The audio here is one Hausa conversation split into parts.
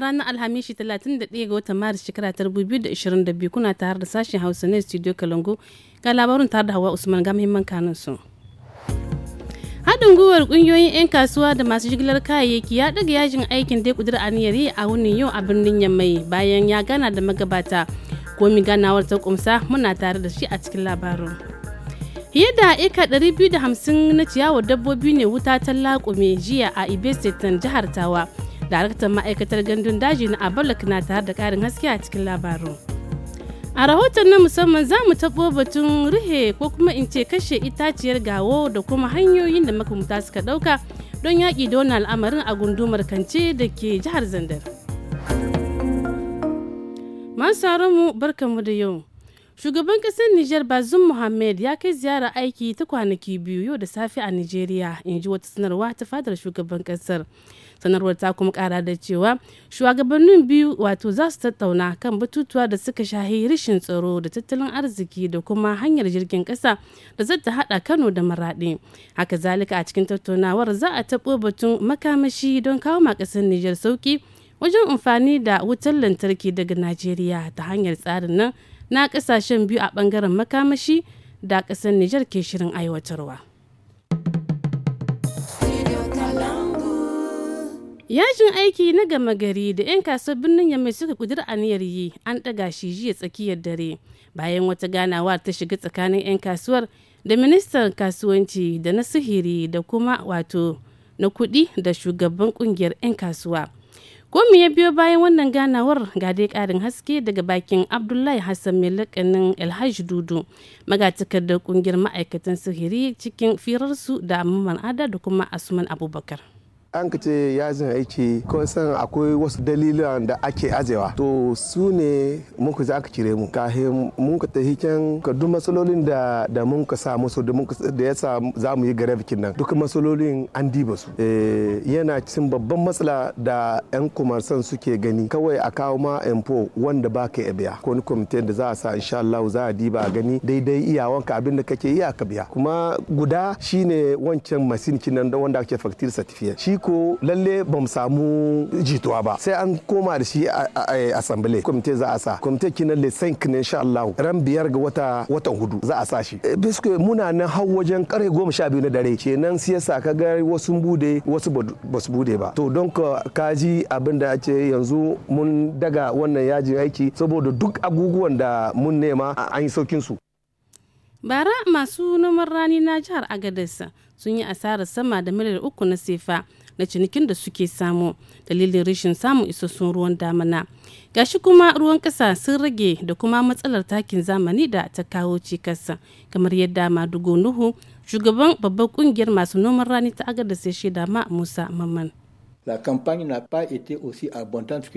ranar Alhamishi 31 ga watan Maris shekara 2022 kuna tare da sashen Hausa na Studio Kalango ga labarin tare da Hawa Usman ga muhimman kanin su. Haɗin gwiwar ƙungiyoyin 'yan kasuwa da masu jigilar kayayyaki ya ɗaga yajin aikin dai kudur aniyar yi a wuni yau a birnin Yammai bayan ya gana da magabata. Komi ganawar ta ƙumsa muna tare da shi a cikin labarin. fiye da eka 250 na ciyawar dabbobi ne wuta ta laƙume jiya a ibe jihar tawa daraktan ma'aikatar gandun daji na abalak na tare da karin haske a cikin labaru a rahoton na musamman za mu taɓo batun ruhe ko kuma in ce kashe itaciyar gawo da kuma hanyoyin da makamta suka ɗauka don yaƙi da wani al'amarin a gundumar kance da ke jihar zandar masu mu barkanmu da yau Shugaban ƙasar Nijar Bazoum Mohammed ya kai ziyara aiki ta kwanaki biyu yau da safe a Nijeriya, in ji wata sanarwa ta fadar shugaban ƙasar. Sanarwar ta kuma ƙara da cewa shugabannin biyu wato za su tattauna kan batutuwa da suka shahi rashin tsaro da tattalin arziki da kuma hanyar jirgin ƙasa da zata haɗa Kano da Maraɗi. Haka zalika a cikin tattaunawar za a taɓo batun makamashi don kawo ma ƙasar Nijar sauƙi wajen amfani da wutar lantarki daga Najeriya ta hanyar tsarin nan na kasashen biyu a bangaren makamashi da kasar Nijar ke shirin aiwatarwa. Yajin aiki na gama gari da 'yan kasuwar birnin Yamai suka kudur aniyar yi an ɗaga shi jiya tsakiyar dare bayan wata ganawa ta shiga tsakanin 'yan kasuwar da ministan kasuwanci da na sihiri da kuma wato na kuɗi da shugaban kungiyar 'yan kasuwa. Ko ya biyo bayan wannan ganawar ga dai karin haske daga bakin Abdullahi Hassan mai lakanin Alhaji Dudu magatakardar kungiyar ma'aikatan sihiri cikin firarsu da Mamman Ada da kuma Asuman Abubakar. an ka ce yajin aiki Ko san akwai wasu dalilan da ake ajewa to su ne muka za ka cire mu kafin mun ka tafi can ka duk matsalolin da mun ka sa musu da mun da yasa za mu yi gare bikin nan duk matsalolin an diba su eh, yana cin babban matsala da yan kumarsan suke gani kawai a kawo ma info wanda ba ka biya ko ni kwamitin da za a sa insha Allah za a diba a gani daidai iyawanka abin da kake iya ka biya kuma guda shine wancan masin nan da wanda ake factory certificate ko lalle ba mu samu jituwa ba sai an koma da shi a asambile kwamite za a sa kwamite kinan le 5 kinin Allah ran biyar ga wata watan hudu za a sa shi eh, biske muna nan hau wajen kare goma sha biyu na dare kenan siyasa ka ga wasu bude wasu ba su bude ba to don ka ji abin da ce yanzu mun daga wannan yajin aiki saboda duk abubuwan da mun nema an yi saukin su bara masu noman rani na jihar agadez sun yi asarar sama da miliyar uku na sefa na cinikin da suke samu dalilin rashin samun isassun ruwan damana gashi kuma ruwan kasa sun rage da kuma matsalar takin zamani da ta kawo cikas kamar yadda madugo nuhu shugaban babbar kungiyar masu noman rani ta da sai shaida ma musa mamman la campagne na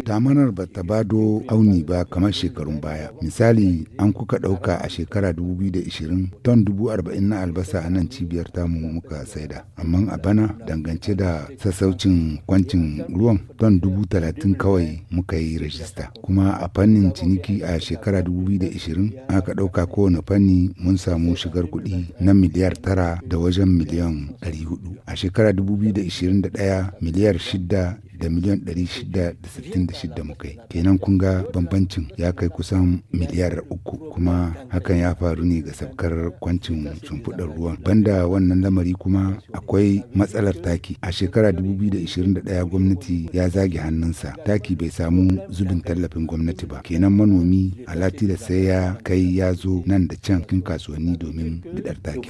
Damanar ba ta bado auni ba kamar shekarun baya. Misali, an kuka ɗauka a shekara 2020 ton 40,000 na albasa a nan cibiyar tamu muka saida. Amma a bana dangance da sassaucin kwancin ruwan ton 30 kawai muka yi rajista. Kuma a fannin ciniki a shekara 2020 aka ɗauka kowane fanni mun samu shigar kuɗi na miliyar tara da wajen miliyan 400. A shekara 2021 miliyar shida da miliyan 666 muka yi kenan kun ga bambancin ya kai kusan miliyar uku kuma hakan ya faru ne ga sabkar kwancin shimfiɗar ruwan banda wannan lamari kuma akwai matsalar taki a shekara 2021 gwamnati ya zage hannunsa taki bai samu zubin tallafin gwamnati ba kenan manomi alati da sai ya kai ya zo nan da can kin kasuwanni domin bidar taki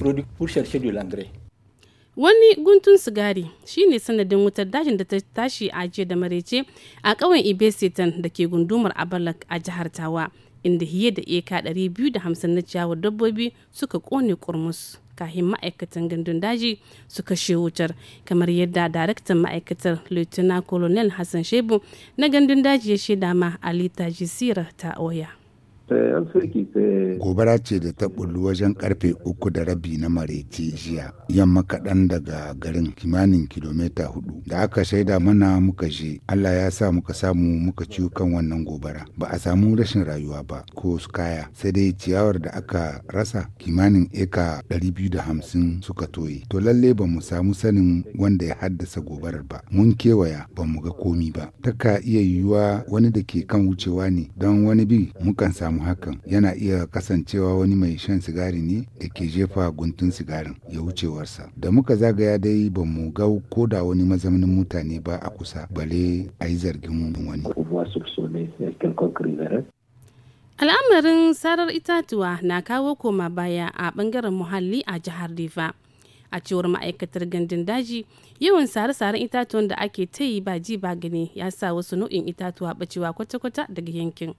wani guntun sigari shine sanadin wutar dajin da ta tashi a jiya da marece a ƙauyen ibesetan da ke gundumar abalak a jihar tawa inda hiye da eka 250 na ciyawa dabbobi suka kone kurmus kahin ma'aikatan gandun daji su kashe wutar kamar yadda daraktan ma'aikatar lieutenant colonel hassan shebu na gandun daji ya shaida ma alita jisirar ta oya Eh, gobara ce da ta bullu wajen karfe uku da rabi na mareci jiya, yamma kaɗan daga garin kimanin kilomita hudu. Da aka shaida mana muka je, Allah ya sa muka samu muka ciwo kan wannan gobara. Ba a samu rashin rayuwa ba ko su kaya, sai dai ciyawar da aka rasa kimanin eka 250 suka toye. To lalle ba mu samu sanin wanda ya haddasa gobarar ba. Mun kewaya ba mu ga komi ba. Ta ka iya yiwuwa wani da ke kan wucewa ne don wani bi mukan samu samu hakan yana iya kasancewa wani mai shan sigari ne da ke jefa guntun sigarin ya wucewarsa da muka zagaya dai ba mu ga ko da wani mazaunin mutane ba a kusa bale a yi zargin wani al'amarin sarar itatuwa na kawo koma baya a bangaren muhalli a jihar rifa a cewar ma'aikatar gandun daji yawan sare-saren itatuwan da ake ta yi ba ji ba gani ya sa wasu nau'in itatuwa bacewa kwata-kwata daga yankin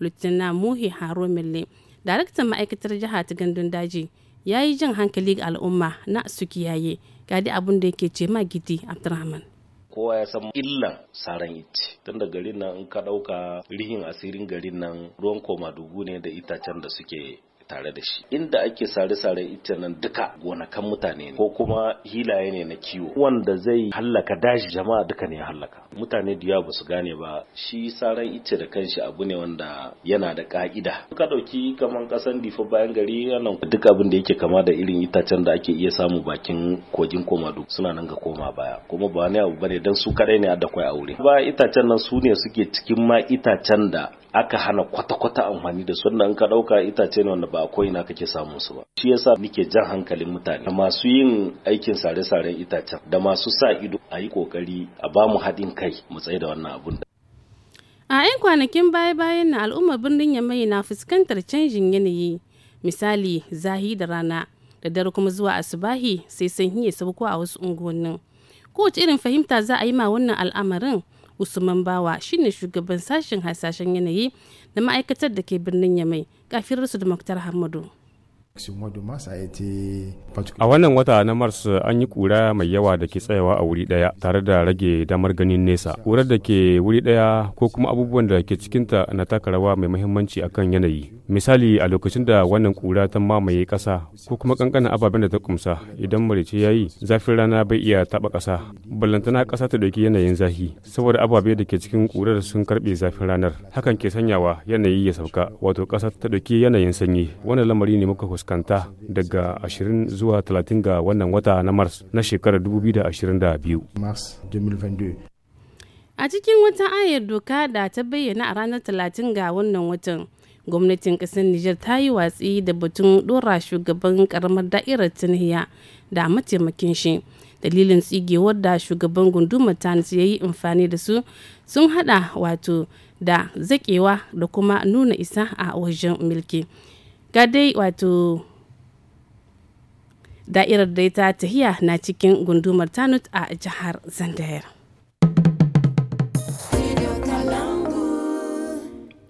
lieutenant muhi haro mille daraktan ma'aikatar jiha ta gandun daji ya yi jan hankali ga al'umma na su kiyaye dai abin da yake ce ma gidi abdurrahman kowa ya san illan saran ice tun da garin nan in ka ɗauka rihin asirin garin nan ruwan koma dubu ne da itacen da suke tare da shi inda ake sare sare ita nan duka gonakan mutane ne ko kuma hilaye ne na kiwo wanda zai hallaka dashi jama'a duka ne hallaka mutane da ba su gane ba shi saran ice da kanshi abu ne wanda yana da ka'ida ka dauki kaman kasan difa bayan gari nan duk abin da yake kama da irin itacen da ake iya samu bakin kogin komadu suna nan ga koma baya kuma ba wani abu bane dan su kadai ne a da kwai aure ba itacen nan su ne suke cikin ma itacen da aka hana kwata-kwata amfani da sunna in ka ɗauka itace ne wanda ba a na kake samun su ba shi yasa nike jan hankalin mutane da masu yin aikin sare-saren itacen da masu sa ido a yi kokari a ba mu haɗin kai mu tsaye da wannan abun da. a 'yan kwanakin baya-bayan na al'ummar birnin yamai na fuskantar canjin yanayi misali zahi da rana da dare kuma zuwa asubahi sai sanyi ya sauko a wasu unguwannin kowace irin fahimta za a yi ma wannan al'amarin usman bawa shine shugaban sashen hasashen yanayi na ma'aikatar da ke birnin yamai kafirarsu da muktar hamadu A wannan wata na Mars an yi kura mai yawa da ke tsayawa a wuri daya tare da rage damar ganin nesa. Kurar da ke wuri daya ko kuma abubuwan da ke cikinta na taka mai muhimmanci akan yanayi. misali a lokacin da wannan kura ta mamaye ƙasa ko kuma ƙanƙanin ababen da ta kumsa idan marice ya yi zafin rana bai iya taɓa ƙasa ballantana ƙasa ta ɗauki yanayin zafi saboda ababe da ke cikin ƙurar sun karɓe zafin ranar hakan ke sanyawa yanayi ya sauka wato ƙasa ta ɗauki yanayin sanyi wannan lamari ne muka fuskanta daga 20 zuwa 30 ga wannan wata na mars na shekarar 2022 a cikin wata ayar doka da ta bayyana a ranar 30 ga wannan watan gwamnatin kasar niger ta yi watsi da batun dora shugaban karamar da'irar tunhiya da mataimakin shi dalilin tsigewar da shugaban gundumar tanis ya yi amfani da su sun hada wato da zakewa da kuma nuna isa a wajen milki ga wato da'irar da ta tahiya na cikin gundumar tanut a jihar zandayar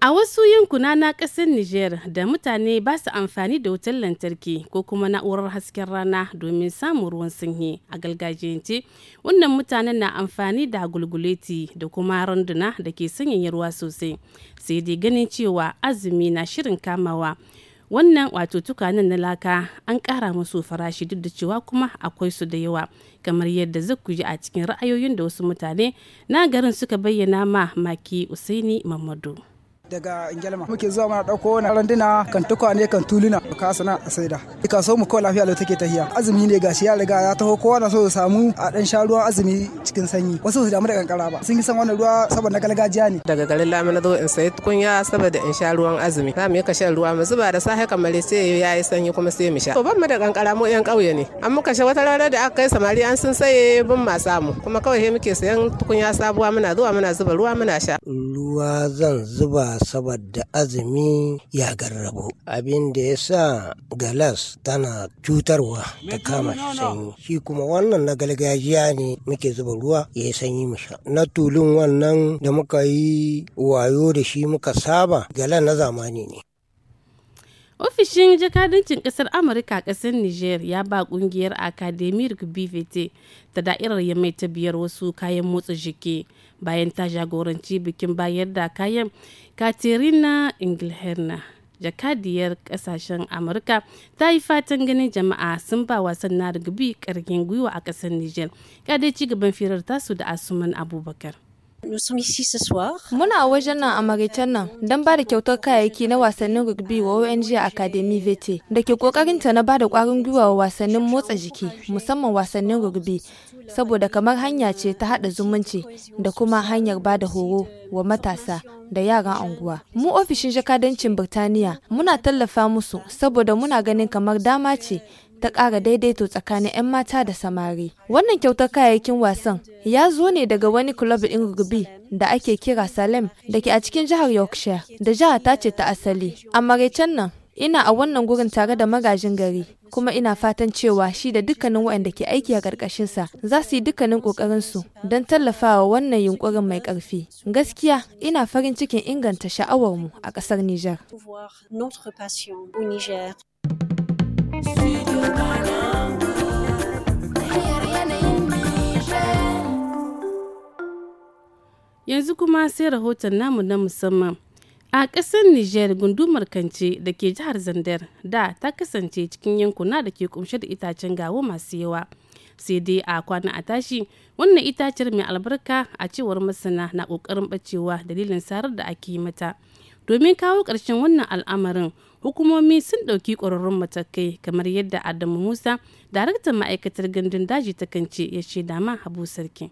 A wasu yankuna na ƙasar Nijar da mutane ba su amfani da wutar lantarki ko kuma na'urar hasken rana domin samun ruwan sanyi a gargajiyance, wannan mutanen na amfani da gulguleti da kuma randuna da ke sanyaya ruwa sosai, sai dai ganin cewa azumi na shirin kamawa. Wannan wato tukanin na laka an ƙara musu farashi duk da cewa kuma akwai su da yawa, kamar yadda zaku ji a cikin ra'ayoyin da wasu mutane na garin suka bayyana ma Maki Usaini Mamadu. daga Ingelma. Muke zuwa mana dauko wani randuna kan tukwane kan tuluna ka sana a saida. Ika so mu kawai lafiya lo take tahiya. Azumi ne gashi ya riga ya taho kowa na so su samu a dan sha ruwan azumi cikin sanyi. Wasu su damu da kankara ba. Sun yi san wannan ruwa saboda na gargajiya ne. Daga garin lamu na zo in sayi tukunya saboda in sha ruwan azumi. Za mu yi kashe ruwa mu zuba da safe kamar sai ya yi sanyi kuma sai mu sha. To ban mu da kankara mu 'yan ƙauye ne. An muka sha wata rana da aka kai samari an sun saye bin ma samu. Kuma kawai muke sayan tukunya sabuwa muna zuwa muna zuba ruwa muna sha. Ruwa zan zuba saboda da azumi ya garrabo abin da ya sa galas tana cutarwa ta kama shi sanyi shi kuma wannan na gargajiya ne muke zuba ruwa ya yi sanyi mu na tulun wannan da muka yi wayo da shi muka saba galan na zamani ne ofishin jakadancin kasar amurka kasar niger ya ba kungiyar academic bvt ta da'irar yamai ta biyar wasu kayan motsa jiki bayan ta jagoranci bikin bayar da kayan katerina ingilherna jakadiyar kasashen amurka ta yi fatan ganin jama'a sun ba wasan na rugby karkin gwiwa a kasar niger kadai ci gaban firar tasu da asuman abubakar Muna wajen nan a Maritan nan don ba da kyautar kayayyaki na wasannin rugby wa ONG Academy VT da ke kokarinta na ba da kwarin gwiwa wa wasannin motsa jiki musamman wasannin rugby saboda kamar hanya ce ta haɗa zumunci da kuma hanyar ba da horo wa matasa da yaran unguwa. Mu ofishin jakadancin Birtaniya muna tallafa musu saboda muna ganin kamar dama ce ta ƙara daidaito tsakanin 'yan mata da samari. Wannan kyautar kayayyakin wasan ya zo ne daga wani kulob ɗin rugby da ake kira Salem da ke a cikin jihar Yorkshire da jihar ta ce ta asali. A maraicen nan Ina a wannan gurin tare da magajin gari, kuma ina fatan cewa shi da dukkanin waɗanda ke aiki a ƙarƙashinsa za su yi dukkanin ƙoƙarinsu don tallafawa wannan yunƙurin mai ƙarfi. Gaskiya ina farin cikin inganta sha'awarmu a ƙasar Nijar. Yanzu kuma sai rahoton namu na musamman. a ƙasar niger gundumar kance da ke jihar zandar da ta kasance cikin yankuna da ke kumshe da itacen gawo masu yawa sai dai a kwana a tashi wannan itacen mai albarka a cewar masana na ƙoƙarin bacewa dalilin sarar da ake yi mata domin kawo ƙarshen wannan al'amarin hukumomi sun ɗauki ƙwararrun matakai kamar yadda adamu musa daraktan ma'aikatar gandun daji ta kance ya shaida ma habu sarki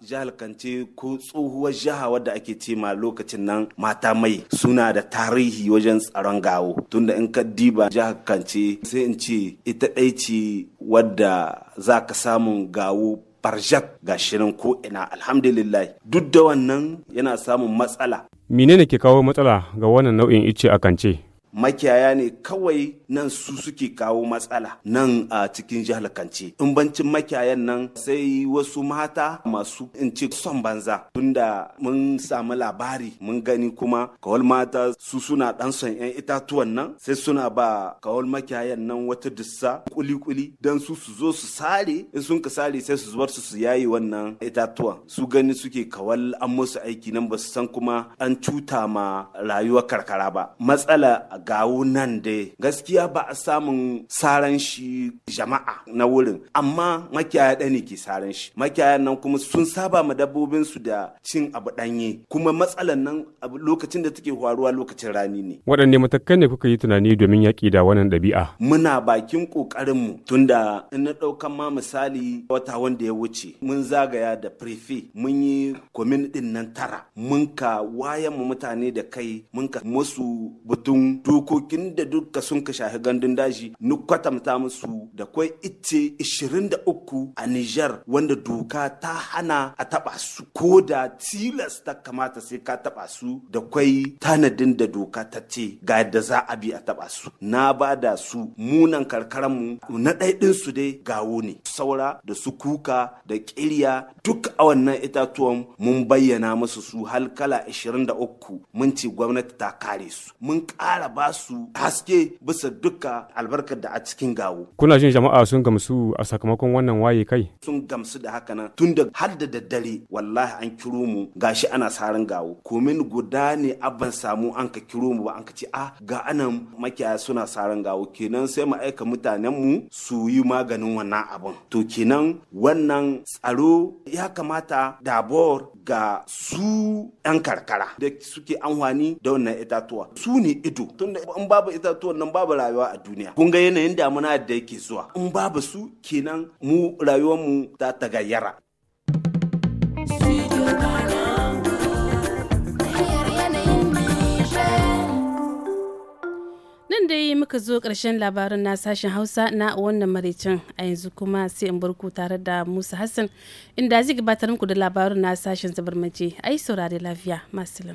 jihar kance ko tsohuwar jiha wadda ake ce lokacin nan mata mai suna da tarihi wajen tsaron gawo tunda in ka diba jihar kance sai in ce ita ɗai ce wadda za ka samun gawo barjak ga shirin ko ina alhamdulillah duk da wannan yana samun matsala menene ke kawo matsala ga wannan nau'in ice a kance makiyaya ne kawai nan su suke kawo matsala nan a cikin jihar kance in bancin makiyayan nan sai wasu mata masu in ce son banza tunda mun samu labari mun gani kuma kawal mata su suna dan son yan itatuwan nan sai suna ba kawal makiyayan nan wata dussa kuli-kuli don su su zo su sare in sun ka sare sai su zubar su su yayi wannan itatuwan su gani suke kawal an musu aiki nan ba su san kuma an cuta ma rayuwar karkara ba matsala gawo nan dai gaskiya ba a samun saran shi jama'a na wurin amma makiyaya ɗaya ne ke saran shi makiyayan nan kuma sun saba ma dabbobin su da cin abu ɗanye kuma matsalan nan lokacin da take faruwa lokacin rani ne waɗanne matakan ne kuka yi tunani domin yaƙi da wannan ɗabi'a muna bakin ƙoƙarin mu tunda in na ɗaukan ma misali wata wanda ya wuce mun zagaya da prefe mun yi komin nan tara mun ka wayan mu mutane da kai mun ka musu butun dokokin da duka sun ka shafi gandun daji ni kwatanta musu da kwai ice 23 a Nijar wanda doka ta hana a taba su ko da tilas ta kamata sai ka taba su da kwai tanadin da doka ta ce ga yadda za a bi a taba su na ba da su munan karkaran mu na ɗaiɗin su dai gawo ne saura da su kuka da ƙirya duk a wannan itatuwan mun bayyana musu su halkala 23 mun ce gwamnati ta kare su mun ƙara ba su haske bisa duka albarkar da a cikin gawo. Kuna jin jama'a sun gamsu a sakamakon wannan waye kai? Sun gamsu da haka nan tun da har da daddare wallahi an kiro mu gashi ana saran gawo. Komin guda ne abban samu an ka kiro mu ba an ka ce a ah, ga anan makiyaya suna saran gawo kenan sai mu aika mutanen mu su yi maganin wannan abun. To kenan wannan tsaro ya kamata dabor ga su 'yan karkara da suke amfani da wannan itatuwa su ne ido tunda in babu itatuwan nan babu rayuwa a duniya kun ga yanayin damuna da yake zuwa in babu su kenan mu rayuwar mu ta tagayyara. nan dai muka zo ƙarshen labarin na sashen hausa na wannan maraicin a yanzu kuma sai in barku tare da musa hassan inda zai gabatar muku da labarin na sashen mace ai saurari lafiya masu